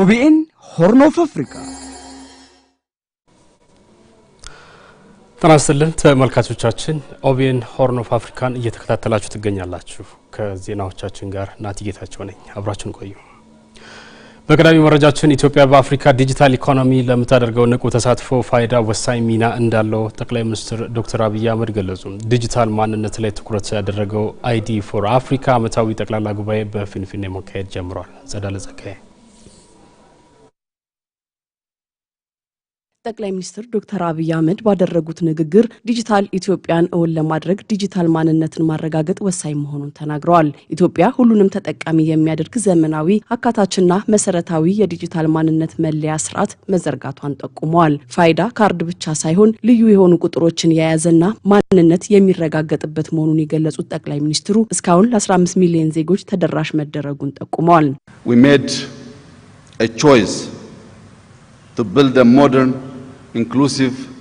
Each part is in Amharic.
ኦቢኤን ሆርን ኦፍ አፍሪካ። ጤና ይስጥልን ተመልካቾቻችን፣ ኦቢኤን ሆርን ኦፍ አፍሪካን እየተከታተላችሁ ትገኛላችሁ። ከዜናዎቻችን ጋር ናቲ ጌታቸው ነኝ። አብራችሁን ቆዩ። በቀዳሚ መረጃችን ኢትዮጵያ በአፍሪካ ዲጂታል ኢኮኖሚ ለምታደርገው ንቁ ተሳትፎ ፋይዳ ወሳኝ ሚና እንዳለው ጠቅላይ ሚኒስትር ዶክተር አብይ አህመድ ገለጹ። ዲጂታል ማንነት ላይ ትኩረት ያደረገው አይዲ ፎር አፍሪካ ዓመታዊ ጠቅላላ ጉባኤ በፊንፊኔ መካሄድ ጀምሯል። ጸዳለ ጸጋዬ ጠቅላይ ሚኒስትር ዶክተር አብይ አህመድ ባደረጉት ንግግር ዲጂታል ኢትዮጵያን እውን ለማድረግ ዲጂታል ማንነትን ማረጋገጥ ወሳኝ መሆኑን ተናግረዋል። ኢትዮጵያ ሁሉንም ተጠቃሚ የሚያደርግ ዘመናዊ አካታችና መሰረታዊ የዲጂታል ማንነት መለያ ስርዓት መዘርጋቷን ጠቁመዋል። ፋይዳ ካርድ ብቻ ሳይሆን ልዩ የሆኑ ቁጥሮችን የያዘና ማንነት የሚረጋገጥበት መሆኑን የገለጹት ጠቅላይ ሚኒስትሩ እስካሁን ለ15 ሚሊዮን ዜጎች ተደራሽ መደረጉን ጠቁመዋል። We made a to build a modern inclusive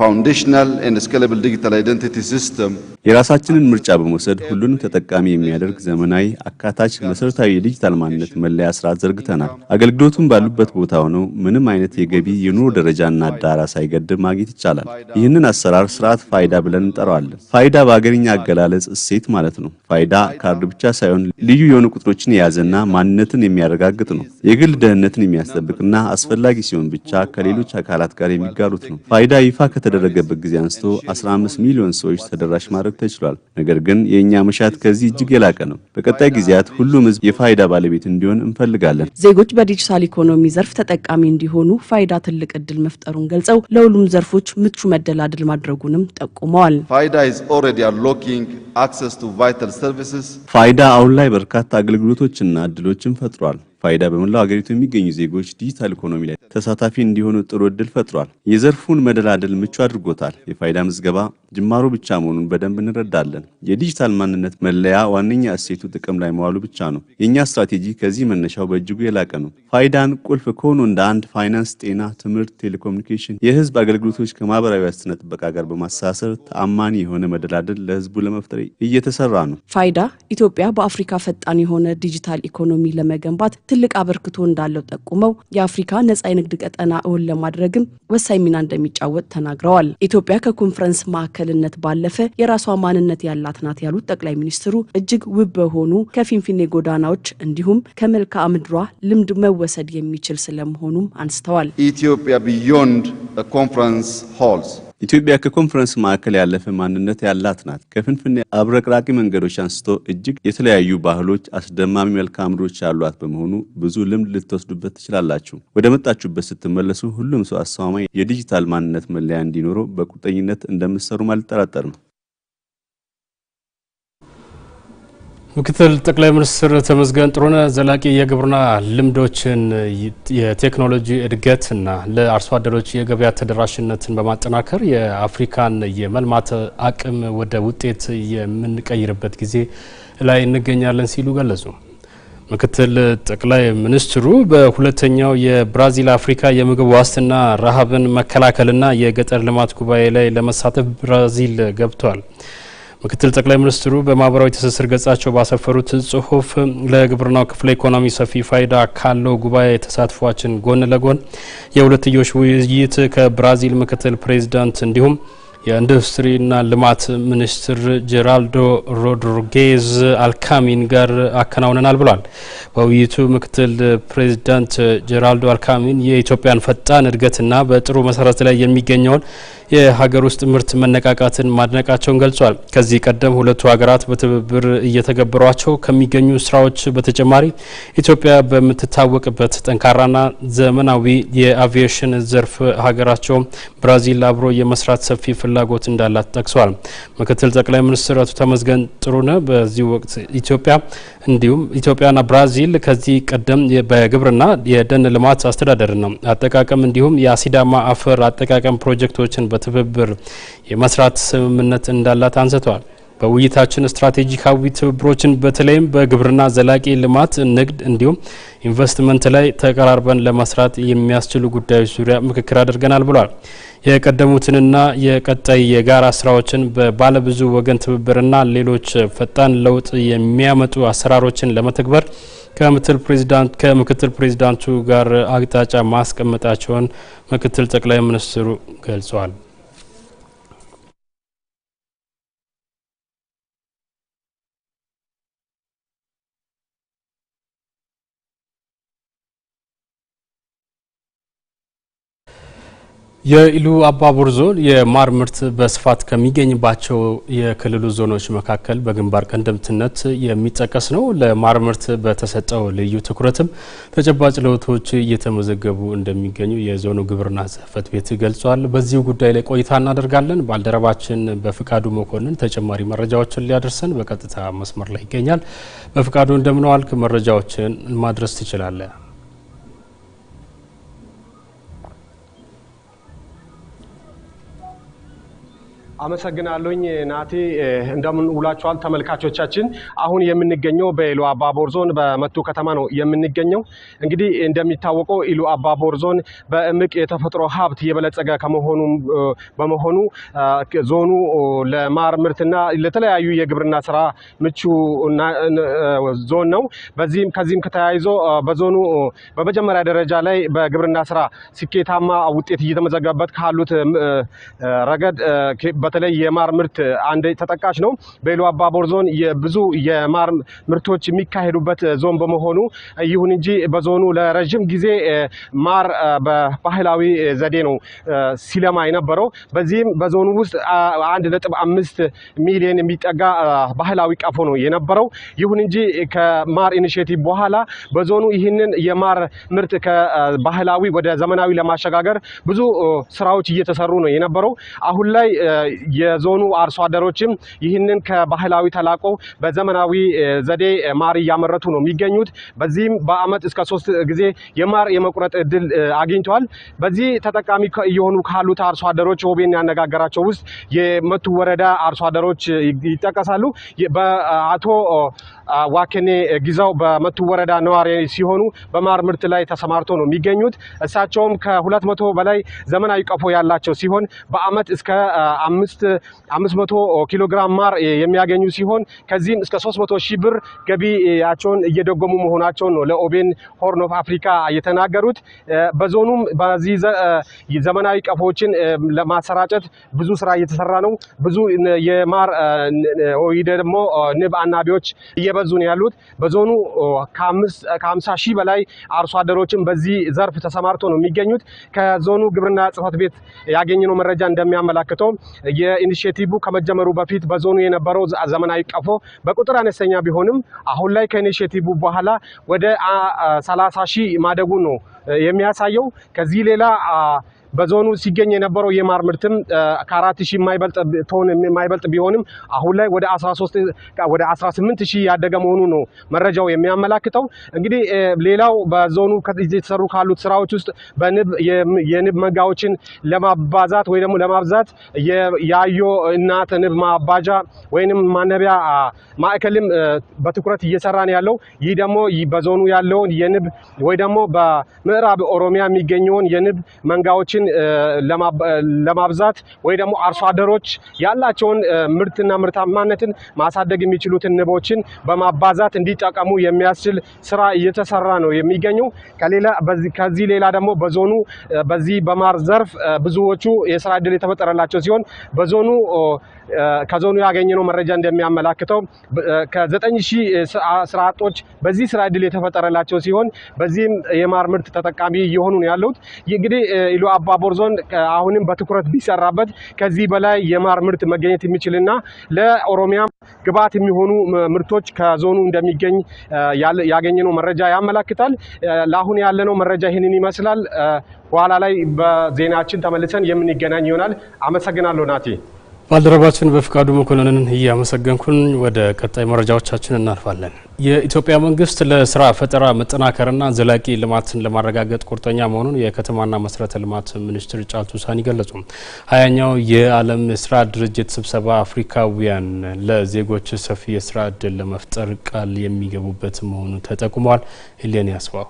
ፋውንዴሽናል ኤንድ ስኬለብል ዲጂታል አይደንቲቲ ሲስተም የራሳችንን ምርጫ በመውሰድ ሁሉንም ተጠቃሚ የሚያደርግ ዘመናዊ፣ አካታች፣ መሰረታዊ የዲጂታል ማንነት መለያ ስርዓት ዘርግተናል። አገልግሎቱን ባሉበት ቦታ ሆነው ምንም አይነት የገቢ የኑሮ ደረጃና አዳራ ሳይገድብ ማግኘት ይቻላል። ይህንን አሰራር ስርዓት ፋይዳ ብለን እንጠራዋለን። ፋይዳ በአገርኛ አገላለጽ እሴት ማለት ነው። ፋይዳ ካርድ ብቻ ሳይሆን ልዩ የሆኑ ቁጥሮችን የያዘና ማንነትን የሚያረጋግጥ ነው። የግል ደህንነትን የሚያስጠብቅና አስፈላጊ ሲሆን ብቻ ከሌሎች አካላት ጋር የሚጋሩት ነው። ፋይዳ ይፋ ከተደረገበት ጊዜ አንስቶ 15 ሚሊዮን ሰዎች ተደራሽ ማድረግ ተችሏል። ነገር ግን የእኛ መሻት ከዚህ እጅግ የላቀ ነው። በቀጣይ ጊዜያት ሁሉም ህዝብ የፋይዳ ባለቤት እንዲሆን እንፈልጋለን። ዜጎች በዲጂታል ኢኮኖሚ ዘርፍ ተጠቃሚ እንዲሆኑ ፋይዳ ትልቅ እድል መፍጠሩን ገልጸው ለሁሉም ዘርፎች ምቹ መደላድል ማድረጉንም ጠቁመዋል። ፋይዳ አሁን ላይ በርካታ አገልግሎቶችና እድሎችን ፈጥሯል። ፋይዳ በመላው ሀገሪቱ የሚገኙ ዜጎች ዲጂታል ኢኮኖሚ ላይ ተሳታፊ እንዲሆኑ ጥሩ እድል ፈጥሯል። የዘርፉን መደላደል ምቹ አድርጎታል። የፋይዳ ምዝገባ ጅማሮ ብቻ መሆኑን በደንብ እንረዳለን። የዲጂታል ማንነት መለያ ዋነኛ እሴቱ ጥቅም ላይ መዋሉ ብቻ ነው። የእኛ ስትራቴጂ ከዚህ መነሻው በእጅጉ የላቀ ነው። ፋይዳን ቁልፍ ከሆኑ እንደ አንድ ፋይናንስ፣ ጤና፣ ትምህርት፣ ቴሌኮሙኒኬሽን፣ የህዝብ አገልግሎቶች ከማህበራዊ ዋስትና ጥበቃ ጋር በማስተሳሰር ተአማኒ የሆነ መደላደል ለህዝቡ ለመፍጠር እየተሰራ ነው። ፋይዳ ኢትዮጵያ በአፍሪካ ፈጣን የሆነ ዲጂታል ኢኮኖሚ ለመገንባት ትልቅ አበርክቶ እንዳለው ጠቁመው የአፍሪካ ነጻ የንግድ ቀጠና እውን ለማድረግም ወሳኝ ሚና እንደሚጫወት ተናግረዋል። ኢትዮጵያ ከኮንፈረንስ ማዕከልነት ባለፈ የራሷ ማንነት ያላት ናት ያሉት ጠቅላይ ሚኒስትሩ እጅግ ውብ በሆኑ ከፊንፊኔ ጎዳናዎች እንዲሁም ከመልክዓ ምድሯ ልምድ መወሰድ የሚችል ስለመሆኑም አንስተዋል። ኢትዮጵያ ቢዮንድ ኮንፈረንስ ሆልስ ኢትዮጵያ ከኮንፈረንስ ማዕከል ያለፈ ማንነት ያላት ናት። ከፍንፍኔ አብረቅራቂ መንገዶች አንስቶ እጅግ የተለያዩ ባህሎች፣ አስደማሚ መልክዓ ምድሮች ያሏት በመሆኑ ብዙ ልምድ ልትወስዱበት ትችላላችሁ። ወደ መጣችሁበት ስትመለሱ ሁሉም ሰው አስተማማኝ የዲጂታል ማንነት መለያ እንዲኖረው በቁርጠኝነት እንደምትሰሩም አልጠራጠርም። ምክትል ጠቅላይ ሚኒስትር ተመስገን ጥሩነህ ዘላቂ የግብርና ልምዶችን የቴክኖሎጂ እድገትና ለአርሶ አደሮች የገበያ ተደራሽነትን በማጠናከር የአፍሪካን የመልማት አቅም ወደ ውጤት የምንቀይርበት ጊዜ ላይ እንገኛለን ሲሉ ገለጹ። ምክትል ጠቅላይ ሚኒስትሩ በሁለተኛው የብራዚል አፍሪካ የምግብ ዋስትና ረሃብን መከላከልና የገጠር ልማት ጉባኤ ላይ ለመሳተፍ ብራዚል ገብቷል። ምክትል ጠቅላይ ሚኒስትሩ በማህበራዊ ትስስር ገጻቸው ባሰፈሩት ጽሁፍ ለግብርናው ክፍለ ኢኮኖሚ ሰፊ ፋይዳ ካለው ጉባኤ ተሳትፏችን ጎን ለጎን የሁለትዮሽ ውይይት ከብራዚል ምክትል ፕሬዚዳንት እንዲሁም የኢንዱስትሪና ልማት ሚኒስትር ጄራልዶ ሮድሪጌዝ አልካሚን ጋር አከናውነናል ብሏል። በውይይቱ ምክትል ፕሬዚዳንት ጄራልዶ አልካሚን የኢትዮጵያን ፈጣን እድገትና በጥሩ መሰረት ላይ የሚገኘውን የሀገር ውስጥ ምርት መነቃቃትን ማድነቃቸውን ገልጿል። ከዚህ ቀደም ሁለቱ ሀገራት በትብብር እየተገበሯቸው ከሚገኙ ስራዎች በተጨማሪ ኢትዮጵያ በምትታወቅበት ጠንካራና ዘመናዊ የአቪዬሽን ዘርፍ ሀገራቸው ብራዚል አብሮ የመስራት ሰፊ ፍላ ፍላጎት እንዳላት ጠቅሷል። ምክትል ጠቅላይ ሚኒስትር አቶ ተመስገን ጥሩነ በዚህ ወቅት ኢትዮጵያ እንዲሁም ኢትዮጵያና ብራዚል ከዚህ ቀደም በግብርና የደን ልማት አስተዳደር ነው አጠቃቀም እንዲሁም የአሲዳማ አፈር አጠቃቀም ፕሮጀክቶችን በትብብር የመስራት ስምምነት እንዳላት አንስተዋል። በውይይታችን ስትራቴጂካዊ ትብብሮችን በተለይም በግብርና ዘላቂ ልማት፣ ንግድ እንዲሁም ኢንቨስትመንት ላይ ተቀራርበን ለመስራት የሚያስችሉ ጉዳዮች ዙሪያ ምክክር አድርገናል ብሏል። የቀደሙትንና የቀጣይ የጋራ ስራዎችን በባለብዙ ወገን ትብብርና ሌሎች ፈጣን ለውጥ የሚያመጡ አሰራሮችን ለመተግበር ከምክትል ፕሬዚዳንቱ ጋር አቅጣጫ ማስቀመጣቸውን ምክትል ጠቅላይ ሚኒስትሩ ገልጸዋል። የኢሉ አባቦር ዞን የማር ምርት በስፋት ከሚገኝባቸው የክልሉ ዞኖች መካከል በግንባር ቀደምትነት የሚጠቀስ ነው። ለማር ምርት በተሰጠው ልዩ ትኩረትም ተጨባጭ ለውጦች እየተመዘገቡ እንደሚገኙ የዞኑ ግብርና ጽሕፈት ቤት ገልጿል። በዚሁ ጉዳይ ላይ ቆይታ እናደርጋለን። ባልደረባችን በፍቃዱ መኮንን ተጨማሪ መረጃዎችን ሊያደርሰን በቀጥታ መስመር ላይ ይገኛል። በፍቃዱ እንደምንዋልክ መረጃዎችን ማድረስ ትችላለን? አመሰግናለሁኝ ናቴ እንደምን ውላችኋል ተመልካቾቻችን። አሁን የምንገኘው በኢሉ አባቦር ዞን በመቱ ከተማ ነው የምንገኘው። እንግዲህ እንደሚታወቀው ኢሉ አባቦር ዞን በእምቅ የተፈጥሮ ሀብት የበለጸገ ከመሆኑ በመሆኑ ዞኑ ለማር ምርትና ለተለያዩ የግብርና ስራ ምቹ ዞን ነው። በዚህም ከዚህም ከተያይዞ በዞኑ በመጀመሪያ ደረጃ ላይ በግብርና ስራ ስኬታማ ውጤት እየተመዘገበበት ካሉት ረገድ በተለይ የማር ምርት አንድ ተጠቃሽ ነው። በኢሉ አባቦር ዞን ብዙ የማር ምርቶች የሚካሄዱበት ዞን በመሆኑ ይሁን እንጂ በዞኑ ለረዥም ጊዜ ማር በባህላዊ ዘዴ ነው ሲለማ የነበረው። በዚህም በዞኑ ውስጥ አንድ ነጥብ አምስት ሚሊዮን የሚጠጋ ባህላዊ ቀፎ ነው የነበረው። ይሁን እንጂ ከማር ኢኒሽቲቭ በኋላ በዞኑ ይህንን የማር ምርት ከባህላዊ ወደ ዘመናዊ ለማሸጋገር ብዙ ስራዎች እየተሰሩ ነው የነበረው። አሁን ላይ የዞኑ አርሶ አደሮችም ይህንን ከባህላዊ ተላቆ በዘመናዊ ዘዴ ማር እያመረቱ ነው የሚገኙት። በዚህም በአመት እስከ ሶስት ጊዜ የማር የመቁረጥ እድል አግኝተዋል። በዚህ ተጠቃሚ እየሆኑ ካሉት አርሶ አደሮች ኦቤን ያነጋገራቸው ውስጥ የመቱ ወረዳ አርሶ አደሮች ይጠቀሳሉ። በአቶ ዋኬኔ ጊዛው በመቱ ወረዳ ነዋሪ ሲሆኑ በማር ምርት ላይ ተሰማርቶ ነው የሚገኙት። እሳቸውም ከሁለት መቶ በላይ ዘመናዊ ቀፎ ያላቸው ሲሆን በአመት እስከ አምስት መቶ ኪሎ ግራም ማር የሚያገኙ ሲሆን ከዚህም እስከ ሶስት መቶ ሺህ ብር ገቢያቸውን እየደጎሙ መሆናቸውን ነው ለኦቤን ሆርን ኦፍ አፍሪካ የተናገሩት። በዞኑም በዚህ ዘመናዊ ቀፎዎችን ለማሰራጨት ብዙ ስራ እየተሰራ ነው። ብዙ የማር ወይ ደግሞ ንብ አናቢዎች እየበዙ ያሉት። በዞኑ ከ ሺህ በላይ አርሶ አደሮችን በዚህ ዘርፍ ተሰማርቶ ነው የሚገኙት። ከዞኑ ግብርና ጽህፈት ቤት ያገኘነው መረጃ እንደሚያመላክተው የኢኒሽቲቭ ከመጀመሩ በፊት በዞኑ የነበረው ዘመናዊ ቀፎ በቁጥር አነስተኛ ቢሆንም አሁን ላይ ከኢኒሽቲቭ በኋላ ወደ 30 ሺህ ማደጉ ነው የሚያሳየው። ከዚህ ሌላ በዞኑ ሲገኝ የነበረው የማር ምርትም ከአራት ሺህ የማይበልጥ ቶን የማይበልጥ ቢሆንም አሁን ላይ ወደ 13 ወደ 18 ሺህ ያደገ መሆኑ ነው መረጃው የሚያመላክተው። እንግዲህ ሌላው በዞኑ የተሰሩ ካሉት ስራዎች ውስጥ በንብ የንብ መንጋዎችን ለማባዛት ወይ ደግሞ ለማብዛት የያዮ እናት ንብ ማባጃ ወይንም ማነቢያ ማዕከልም በትኩረት እየሰራን ያለው ይህ ደግሞ በዞኑ ያለውን የንብ ወይ ደግሞ በምዕራብ ኦሮሚያ የሚገኘውን የንብ መንጋዎችን ለማብዛት ወይ ደግሞ አርሶ አደሮች ያላቸውን ምርትና ምርታማነትን ማሳደግ የሚችሉትን ንቦችን በማባዛት እንዲጠቀሙ የሚያስችል ስራ እየተሰራ ነው የሚገኘው። ከሌላ ከዚህ ሌላ ደግሞ በዞኑ በዚህ በማር ዘርፍ ብዙዎቹ የስራ እድል የተፈጠረላቸው ሲሆን በዞኑ ከዞኑ ያገኘነው መረጃ እንደሚያመላክተው ከዘጠኝ ሺህ ስራ አጦች በዚህ ስራ እድል የተፈጠረላቸው ሲሆን በዚህም የማር ምርት ተጠቃሚ እየሆኑ ነው ያለሁት እንግዲህ ኢሉ አባ በአቦር ዞን አሁንም በትኩረት ቢሰራበት ከዚህ በላይ የማር ምርት መገኘት የሚችልና ለኦሮሚያም ግብዓት የሚሆኑ ምርቶች ከዞኑ እንደሚገኝ ያገኘነው መረጃ ያመላክታል። ለአሁን ያለነው መረጃ ይህንን ይመስላል። በኋላ ላይ በዜናችን ተመልሰን የምንገናኝ ይሆናል። አመሰግናለሁ ናቲ። ባልደረባችን በፍቃዱ መኮንንን እያመሰገንኩን ወደ ቀጣይ መረጃዎቻችን እናልፋለን። የኢትዮጵያ መንግስት ለስራ ፈጠራ መጠናከርና ዘላቂ ልማትን ለማረጋገጥ ቁርጠኛ መሆኑን የከተማና መሰረተ ልማት ሚኒስትር ጫልቱ ሳኒ ገለጹ። ሀያኛው የዓለም ስራ ድርጅት ስብሰባ አፍሪካውያን ለዜጎች ሰፊ የስራ እድል ለመፍጠር ቃል የሚገቡበት መሆኑ ተጠቁሟል። ሄሌኒ አስፋው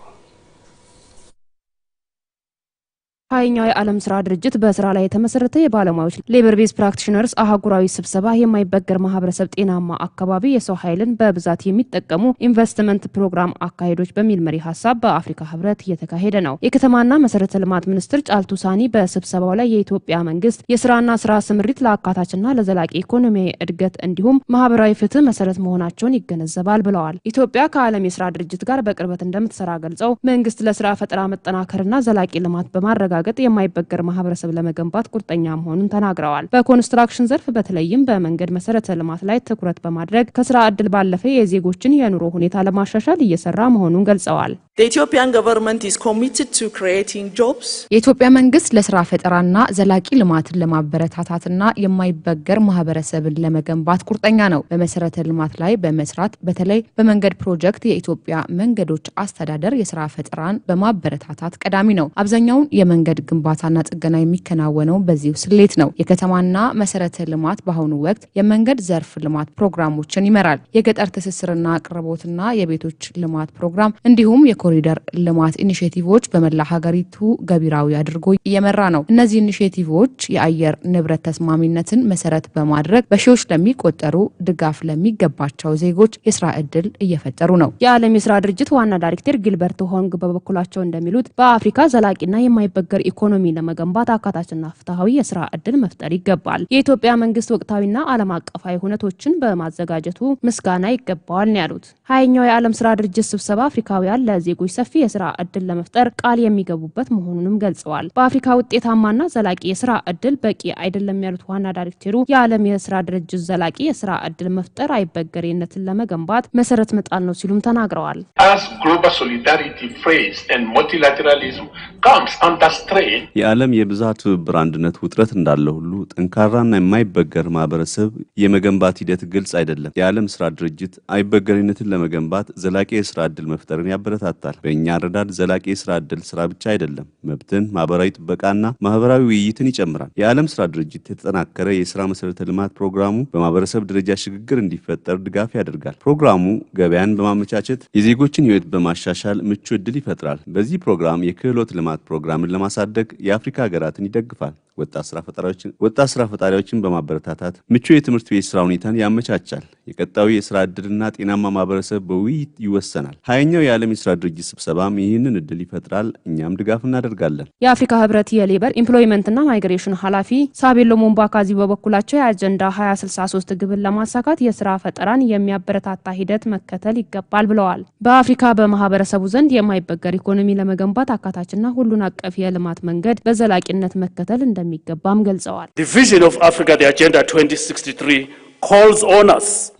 ሀያኛው የዓለም ስራ ድርጅት በስራ ላይ የተመሰረተ የባለሙያዎች ሌበር ቤዝ ፕራክቲሽነርስ አህጉራዊ ስብሰባ የማይበገር ማህበረሰብ ጤናማ አካባቢ የሰው ኃይልን በብዛት የሚጠቀሙ ኢንቨስትመንት ፕሮግራም አካሄዶች በሚል መሪ ሀሳብ በአፍሪካ ህብረት እየተካሄደ ነው። የከተማና መሰረተ ልማት ሚኒስትር ጫልቱ ሳኒ በስብሰባው ላይ የኢትዮጵያ መንግስት የስራና ስራ ስምሪት ለአካታችና ለዘላቂ ኢኮኖሚያዊ እድገት እንዲሁም ማህበራዊ ፍትህ መሰረት መሆናቸውን ይገነዘባል ብለዋል። ኢትዮጵያ ከዓለም የስራ ድርጅት ጋር በቅርበት እንደምትሰራ ገልጸው መንግስት ለስራ ፈጠራ መጠናከርና ዘላቂ ልማት በማረጋ። በማረጋገጥ የማይበገር ማህበረሰብ ለመገንባት ቁርጠኛ መሆኑን ተናግረዋል። በኮንስትራክሽን ዘርፍ በተለይም በመንገድ መሰረተ ልማት ላይ ትኩረት በማድረግ ከስራ እድል ባለፈ የዜጎችን የኑሮ ሁኔታ ለማሻሻል እየሰራ መሆኑን ገልጸዋል። የኢትዮጵያ መንግስት ለስራ ፈጠራና ዘላቂ ልማትን ለማበረታታትና የማይበገር ማህበረሰብን ለመገንባት ቁርጠኛ ነው። በመሰረተ ልማት ላይ በመስራት በተለይ በመንገድ ፕሮጀክት የኢትዮጵያ መንገዶች አስተዳደር የስራ ፈጠራን በማበረታታት ቀዳሚ ነው። አብዛኛውን የመንገድ መንገድ ግንባታና ጥገና የሚከናወነው በዚሁ ስሌት ነው። የከተማና መሰረተ ልማት በአሁኑ ወቅት የመንገድ ዘርፍ ልማት ፕሮግራሞችን ይመራል። የገጠር ትስስርና አቅርቦትና የቤቶች ልማት ፕሮግራም እንዲሁም የኮሪደር ልማት ኢኒሽቲቮች በመላ ሀገሪቱ ገቢራዊ አድርጎ እየመራ ነው። እነዚህ ኢኒሽቲቮች የአየር ንብረት ተስማሚነትን መሰረት በማድረግ በሺዎች ለሚቆጠሩ ድጋፍ ለሚገባቸው ዜጎች የስራ እድል እየፈጠሩ ነው። የዓለም የስራ ድርጅት ዋና ዳይሬክተር ጊልበርት ሆንግ በበኩላቸው እንደሚሉት በአፍሪካ ዘላቂና የማይበገ ሀገር ኢኮኖሚ ለመገንባት አካታችና ፍትሐዊ የስራ እድል መፍጠር ይገባል። የኢትዮጵያ መንግስት ወቅታዊና ዓለም አቀፋዊ ሁነቶችን በማዘጋጀቱ ምስጋና ይገባዋል ነው ያሉት። ሀያኛው የዓለም ስራ ድርጅት ስብሰባ አፍሪካውያን ለዜጎች ሰፊ የስራ እድል ለመፍጠር ቃል የሚገቡበት መሆኑንም ገልጸዋል። በአፍሪካ ውጤታማና ዘላቂ የስራ እድል በቂ አይደለም ያሉት ዋና ዳይሬክተሩ የዓለም የስራ ድርጅት ዘላቂ የስራ እድል መፍጠር አይበገሬነትን ለመገንባት መሰረት መጣል ነው ሲሉም ተናግረዋል። የዓለም የብዝሃ ትብብር አንድነት ውጥረት እንዳለ ሁሉ ጠንካራና የማይበገር ማህበረሰብ የመገንባት ሂደት ግልጽ አይደለም። የዓለም ስራ ድርጅት አይበገሪነትን ለመገንባት ዘላቂ የስራ እድል መፍጠርን ያበረታታል። በእኛ አረዳድ ዘላቂ የስራ ዕድል ስራ ብቻ አይደለም፣ መብትን፣ ማህበራዊ ጥበቃና ማህበራዊ ውይይትን ይጨምራል። የዓለም ስራ ድርጅት የተጠናከረ የስራ መሰረተ ልማት ፕሮግራሙ በማህበረሰብ ደረጃ ሽግግር እንዲፈጠር ድጋፍ ያደርጋል። ፕሮግራሙ ገበያን በማመቻቸት የዜጎችን ህይወት በማሻሻል ምቹ እድል ይፈጥራል። በዚህ ፕሮግራም የክህሎት ልማት ፕሮግራምን ለማሳ በማሳደግ የአፍሪካ ሀገራትን ይደግፋል። ወጣት ስራ ፈጣሪዎችን በማበረታታት ምቹ የትምህርት ቤት ስራ ሁኔታን ያመቻቻል። የቀጣዩ የስራ እድልና ጤናማ ማህበረሰብ በውይይት ይወሰናል። ሀያኛው የዓለም የስራ ድርጅት ስብሰባም ይህንን እድል ይፈጥራል። እኛም ድጋፍ እናደርጋለን። የአፍሪካ ህብረት የሌበር ኢምፕሎይመንትና ማይግሬሽን ኃላፊ ሳቤሎ ሞምባካዚ በበኩላቸው የአጀንዳ 2063 ግብን ለማሳካት የስራ ፈጠራን የሚያበረታታ ሂደት መከተል ይገባል ብለዋል። በአፍሪካ በማህበረሰቡ ዘንድ የማይበገር ኢኮኖሚ ለመገንባት አካታችና ሁሉን አቀፍ የልማት መንገድ በዘላቂነት መከተል እንደሚገባም ገልጸዋል።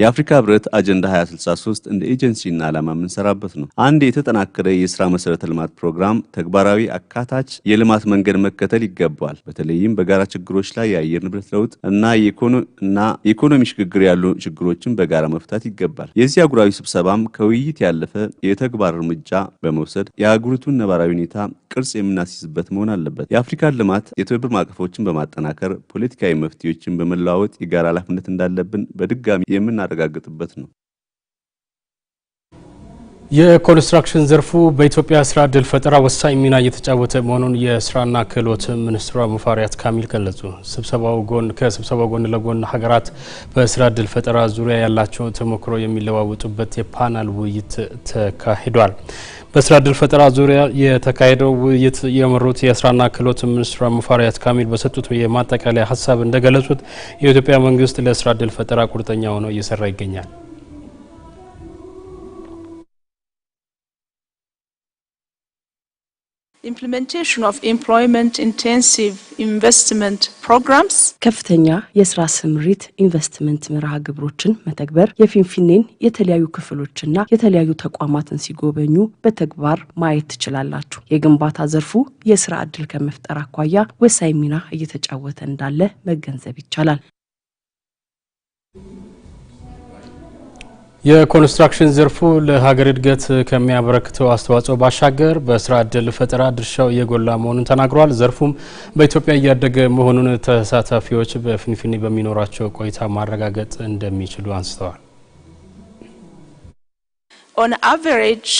የአፍሪካ ህብረት አጀንዳ 2063 እንደ ኤጀንሲና ዓላማ የምንሰራበት ነው። አንድ የተጠናከረ የስራ መሰረተ ልማት ፕሮግራም ተግባራዊ፣ አካታች የልማት መንገድ መከተል ይገባል። በተለይም በጋራ ችግሮች ላይ የአየር ንብረት ለውጥ እና የኢኮኖሚ ሽግግር ያሉ ችግሮችን በጋራ መፍታት ይገባል። የዚህ አህጉራዊ ስብሰባም ከውይይት ያለፈ የተግባር እርምጃ በመውሰድ የአህጉሪቱን ነባራዊ ሁኔታ ቅርጽ የምናስይዝበት መሆን አለበት። የአፍሪካን ልማት የትብብር ማዕቀፎችን በማጠናከር ፖለቲካዊ መፍትሄዎችን በመለዋወጥ የጋራ ኃላፊነት እንዳለበት እንዳለብን በድጋሚ የምናረጋግጥበት ነው። የኮንስትራክሽን ዘርፉ በኢትዮጵያ ስራ እድል ፈጠራ ወሳኝ ሚና እየተጫወተ መሆኑን የስራና ክህሎት ሚኒስትሯ ሙፈሪያት ካሚል ገለጹ። ስብሰባው ጎን ከስብሰባው ጎን ለጎን ሀገራት በስራ እድል ፈጠራ ዙሪያ ያላቸው ተሞክሮ የሚለዋወጡበት የፓናል ውይይት ተካሂዷል። በስራ እድል ፈጠራ ዙሪያ የተካሄደው ውይይት የመሩት የስራና ክህሎት ሚኒስትሯ ሙፈሪያት ካሚል በሰጡት የማጠቃለያ ሀሳብ እንደገለጹት የኢትዮጵያ መንግስት ለስራ እድል ፈጠራ ቁርጠኛ ሆኖ እየሰራ ይገኛል። ከፍተኛ የስራ ስምሪት ኢንቨስትመንት መርሃ ግብሮችን መተግበር የፊንፊኔን የተለያዩ ክፍሎችና የተለያዩ ተቋማትን ሲጎበኙ በተግባር ማየት ትችላላችሁ። የግንባታ ዘርፉ የስራ ዕድል ከመፍጠር አኳያ ወሳኝ ሚና እየተጫወተ እንዳለ መገንዘብ ይቻላል። የኮንስትራክሽን ዘርፉ ለሀገር እድገት ከሚያበረክተው አስተዋጽኦ ባሻገር በስራ እድል ፈጠራ ድርሻው እየጎላ መሆኑን ተናግሯል። ዘርፉም በኢትዮጵያ እያደገ መሆኑን ተሳታፊዎች በፊንፊኔ በሚኖራቸው ቆይታ ማረጋገጥ እንደሚችሉ አንስተዋል። ኦን አቨሬጅ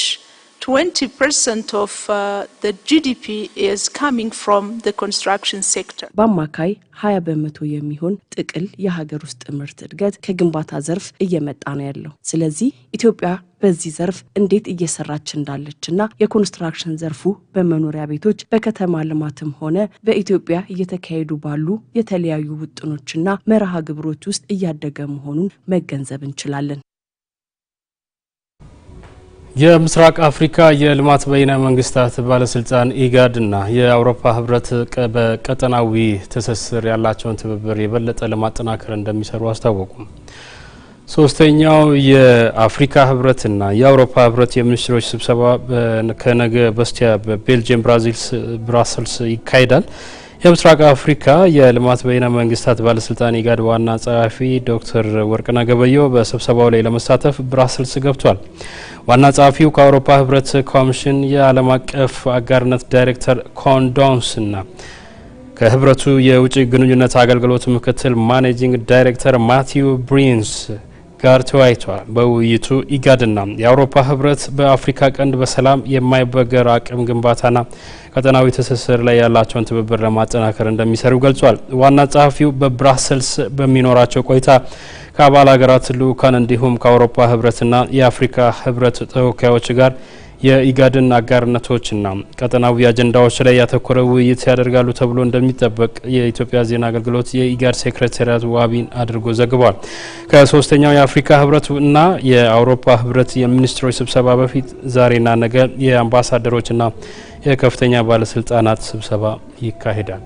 20% of uh, the GDP is coming from the construction sector። በአማካይ 20 በመቶ የሚሆን ጥቅል የሀገር ውስጥ ምርት እድገት ከግንባታ ዘርፍ እየመጣ ነው ያለው። ስለዚህ ኢትዮጵያ በዚህ ዘርፍ እንዴት እየሰራች እንዳለች እና የኮንስትራክሽን ዘርፉ በመኖሪያ ቤቶች በከተማ ልማትም ሆነ በኢትዮጵያ እየተካሄዱ ባሉ የተለያዩ ውጥኖችና መርሃ ግብሮች ውስጥ እያደገ መሆኑን መገንዘብ እንችላለን። የምስራቅ አፍሪካ የልማት በይነ መንግስታት ባለስልጣን ኢጋድና የአውሮፓ ህብረት በቀጠናዊ ትስስር ያላቸውን ትብብር የበለጠ ለማጠናከር እንደሚሰሩ አስታወቁም። ሶስተኛው የአፍሪካ ህብረትና የአውሮፓ ህብረት የሚኒስትሮች ስብሰባ ከነገ በስቲያ በቤልጅየም ብራዚልስ ብራሰልስ ይካሄዳል። የምስራቅ አፍሪካ የልማት በይነ መንግስታት ባለስልጣን ኢጋድ ዋና ጸሐፊ ዶክተር ወርቅና ገበየሁ በስብሰባው ላይ ለመሳተፍ ብራስልስ ገብቷል። ዋና ጸሐፊው ከአውሮፓ ህብረት ኮሚሽን የዓለም አቀፍ አጋርነት ዳይሬክተር ኮንዶንስና ከህብረቱ የውጭ ግንኙነት አገልግሎት ምክትል ማኔጂንግ ዳይሬክተር ማቲው ብሪንስ ጋር ተወያይተዋል። በውይይቱ ኢጋድና የአውሮፓ ህብረት በአፍሪካ ቀንድ በሰላም የማይበገር አቅም ግንባታና ቀጠናዊ ትስስር ላይ ያላቸውን ትብብር ለማጠናከር እንደሚሰሩ ገልጿል። ዋና ጸሐፊው በብራሰልስ በሚኖራቸው ቆይታ ከአባል ሀገራት ልኡካን እንዲሁም ከአውሮፓ ህብረትና የአፍሪካ ህብረት ተወካዮች ጋር የኢጋድን አጋርነቶችና ቀጠናዊ አጀንዳዎች ላይ ያተኮረ ውይይት ያደርጋሉ ተብሎ እንደሚጠበቅ የኢትዮጵያ ዜና አገልግሎት የኢጋድ ሴክሬታሪያት ዋቢን አድርጎ ዘግቧል። ከሶስተኛው የአፍሪካ ህብረት እና የአውሮፓ ህብረት የሚኒስትሮች ስብሰባ በፊት ዛሬና ነገ የአምባሳደሮችና የከፍተኛ ባለስልጣናት ስብሰባ ይካሄዳል።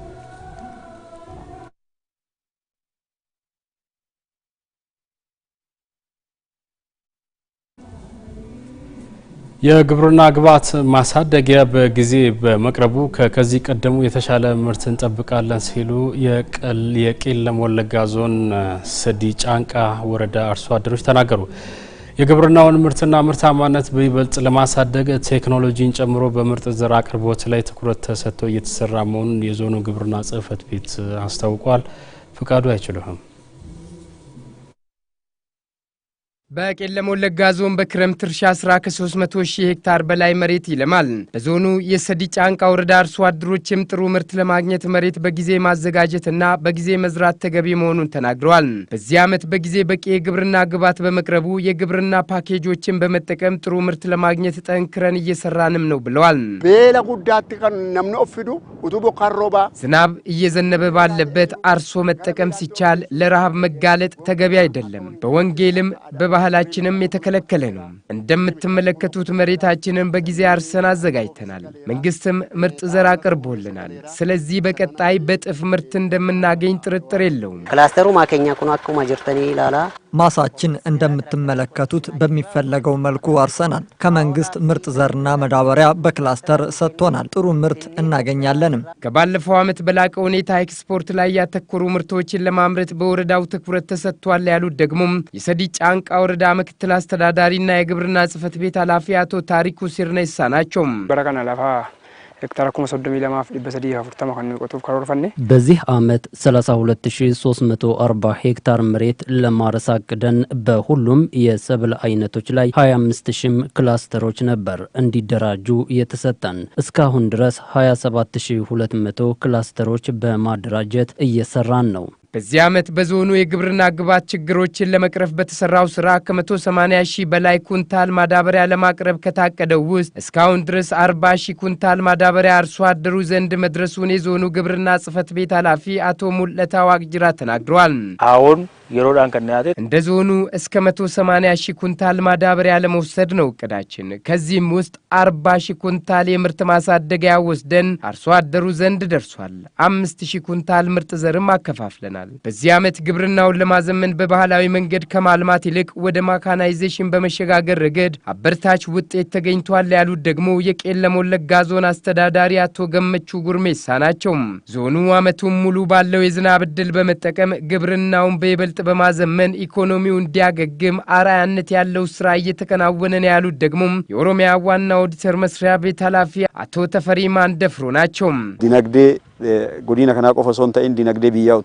የግብርና ግብዓት ማሳደጊያ በጊዜ በመቅረቡ ከከዚህ ቀደሙ የተሻለ ምርት እንጠብቃለን ሲሉ የቄለም ወለጋ ዞን ሰዲ ጫንቃ ወረዳ አርሶ አደሮች ተናገሩ። የግብርናውን ምርትና ምርታማነት በይበልጥ ለማሳደግ ቴክኖሎጂን ጨምሮ በምርጥ ዘር አቅርቦት ላይ ትኩረት ተሰጥቶ እየተሰራ መሆኑን የዞኑ ግብርና ጽሕፈት ቤት አስታውቋል። ፍቃዱ አይችልም በቄለም ወለጋ ዞን በክረምት እርሻ ስራ ከ300 ሺህ ሄክታር በላይ መሬት ይለማል። በዞኑ የሰዲ ጫንቃ ወረዳ አርሶ አደሮችም ጥሩ ምርት ለማግኘት መሬት በጊዜ ማዘጋጀትና በጊዜ መዝራት ተገቢ መሆኑን ተናግረዋል። በዚህ ዓመት በጊዜ በቂ የግብርና ግብዓት በመቅረቡ የግብርና ፓኬጆችን በመጠቀም ጥሩ ምርት ለማግኘት ጠንክረን እየሰራንም ነው ብለዋል። ቤለ ጉዳት ቀን ነምነ ኦፊዱ ኡቱቦ ካሮባ ዝናብ እየዘነበ ባለበት አርሶ መጠቀም ሲቻል ለረሃብ መጋለጥ ተገቢ አይደለም። በወንጌልም በባ ባህላችንም የተከለከለ ነው። እንደምትመለከቱት መሬታችንን በጊዜ አርሰን አዘጋጅተናል። መንግሥትም ምርጥ ዘር አቅርቦልናል። ስለዚህ በቀጣይ በጥፍ ምርት እንደምናገኝ ጥርጥር የለውም። ክላስተሩ ማከኛ ኩናኩ ማጀርተኔ ላላ ማሳችን እንደምትመለከቱት በሚፈለገው መልኩ አርሰናል። ከመንግስት ምርጥ ዘርና መዳበሪያ በክላስተር ሰጥቶናል። ጥሩ ምርት እናገኛለንም። ከባለፈው ዓመት በላቀ ሁኔታ ኤክስፖርት ላይ ያተኮሩ ምርቶችን ለማምረት በወረዳው ትኩረት ተሰጥቷል ያሉት ደግሞም የሰዲ ጫንቃ ወረዳ ምክትል አስተዳዳሪና የግብርና ጽህፈት ቤት ኃላፊ አቶ ታሪኩ ሲርነሳ ናቸው። በዚህ ዓመት 32340 ሄክታር መሬት ለማረስ አቅደን በሁሉም የሰብል አይነቶች ላይ 25 ሺህ ክላስተሮች ነበር እንዲደራጁ የተሰጠን። እስካሁን ድረስ 27200 ክላስተሮች በማደራጀት እየሰራን ነው። በዚህ ዓመት በዞኑ የግብርና ግብዓት ችግሮችን ለመቅረፍ በተሰራው ስራ ከ180 ሺህ በላይ ኩንታል ማዳበሪያ ለማቅረብ ከታቀደው ውስጥ እስካሁን ድረስ 40 ሺህ ኩንታል ማዳበሪያ አርሶ አደሩ ዘንድ መድረሱን የዞኑ ግብርና ጽህፈት ቤት ኃላፊ አቶ ሙለታ ዋቅጅራ ተናግረዋል። አሁን የሮዳን ከናያቴ እንደ ዞኑ እስከ 180 ሺህ ኩንታል ማዳበሪያ ለመውሰድ ነው እቅዳችን። ከዚህም ውስጥ 40 ሺህ ኩንታል የምርት ማሳደጊያ ወስደን አርሶ አደሩ ዘንድ ደርሷል። 5 ሺህ ኩንታል ምርጥ ዘርም አከፋፍለናል። በዚህ ዓመት ግብርናውን ለማዘመን በባህላዊ መንገድ ከማልማት ይልቅ ወደ ማካናይዜሽን በመሸጋገር ረገድ አበርታች ውጤት ተገኝቷል ያሉት ደግሞ የቄለም ወለጋ ዞን አስተዳዳሪ አቶ ገመቹ ጉርሜሳ ናቸው። ዞኑ ዓመቱን ሙሉ ባለው የዝናብ ዕድል በመጠቀም ግብርናውን በይበልጥ በማዘመን ኢኮኖሚው እንዲያገግም አራያነት ያለው ስራ እየተከናወነ ነው ያሉት ደግሞ የኦሮሚያ ዋና ኦዲተር መስሪያ ቤት ኃላፊ አቶ ተፈሪ ማንደፍሮ ናቸው። ዲነግዴ Eh, godina kanaa qofa osoo hin ta'in dinagdee biyyaa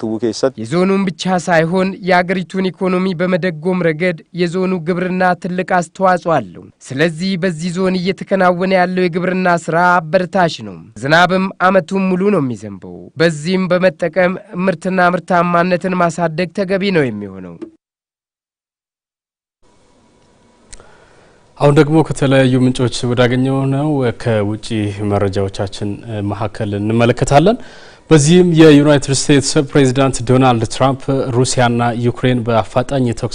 የዞኑን ብቻ ሳይሆን የአገሪቱን ኢኮኖሚ በመደጎም ረገድ የዞኑ ግብርና ትልቅ አስተዋጽኦ አለው። ስለዚህ በዚህ ዞን እየተከናወነ ያለው የግብርና ስራ አበረታሽ ነው። ዝናብም አመቱን ሙሉ ነው የሚዘንበው። በዚህም በመጠቀም ምርትና ምርታማነትን ማሳደግ ተገቢ ነው የሚሆነው። አሁን ደግሞ ከተለያዩ ምንጮች ወዳገኘው ነው ከውጭ መረጃዎቻችን መካከል እንመለከታለን። በዚህም የዩናይትድ ስቴትስ ፕሬዚዳንት ዶናልድ ትራምፕ ሩሲያና ዩክሬን በአፋጣኝ የተኩስ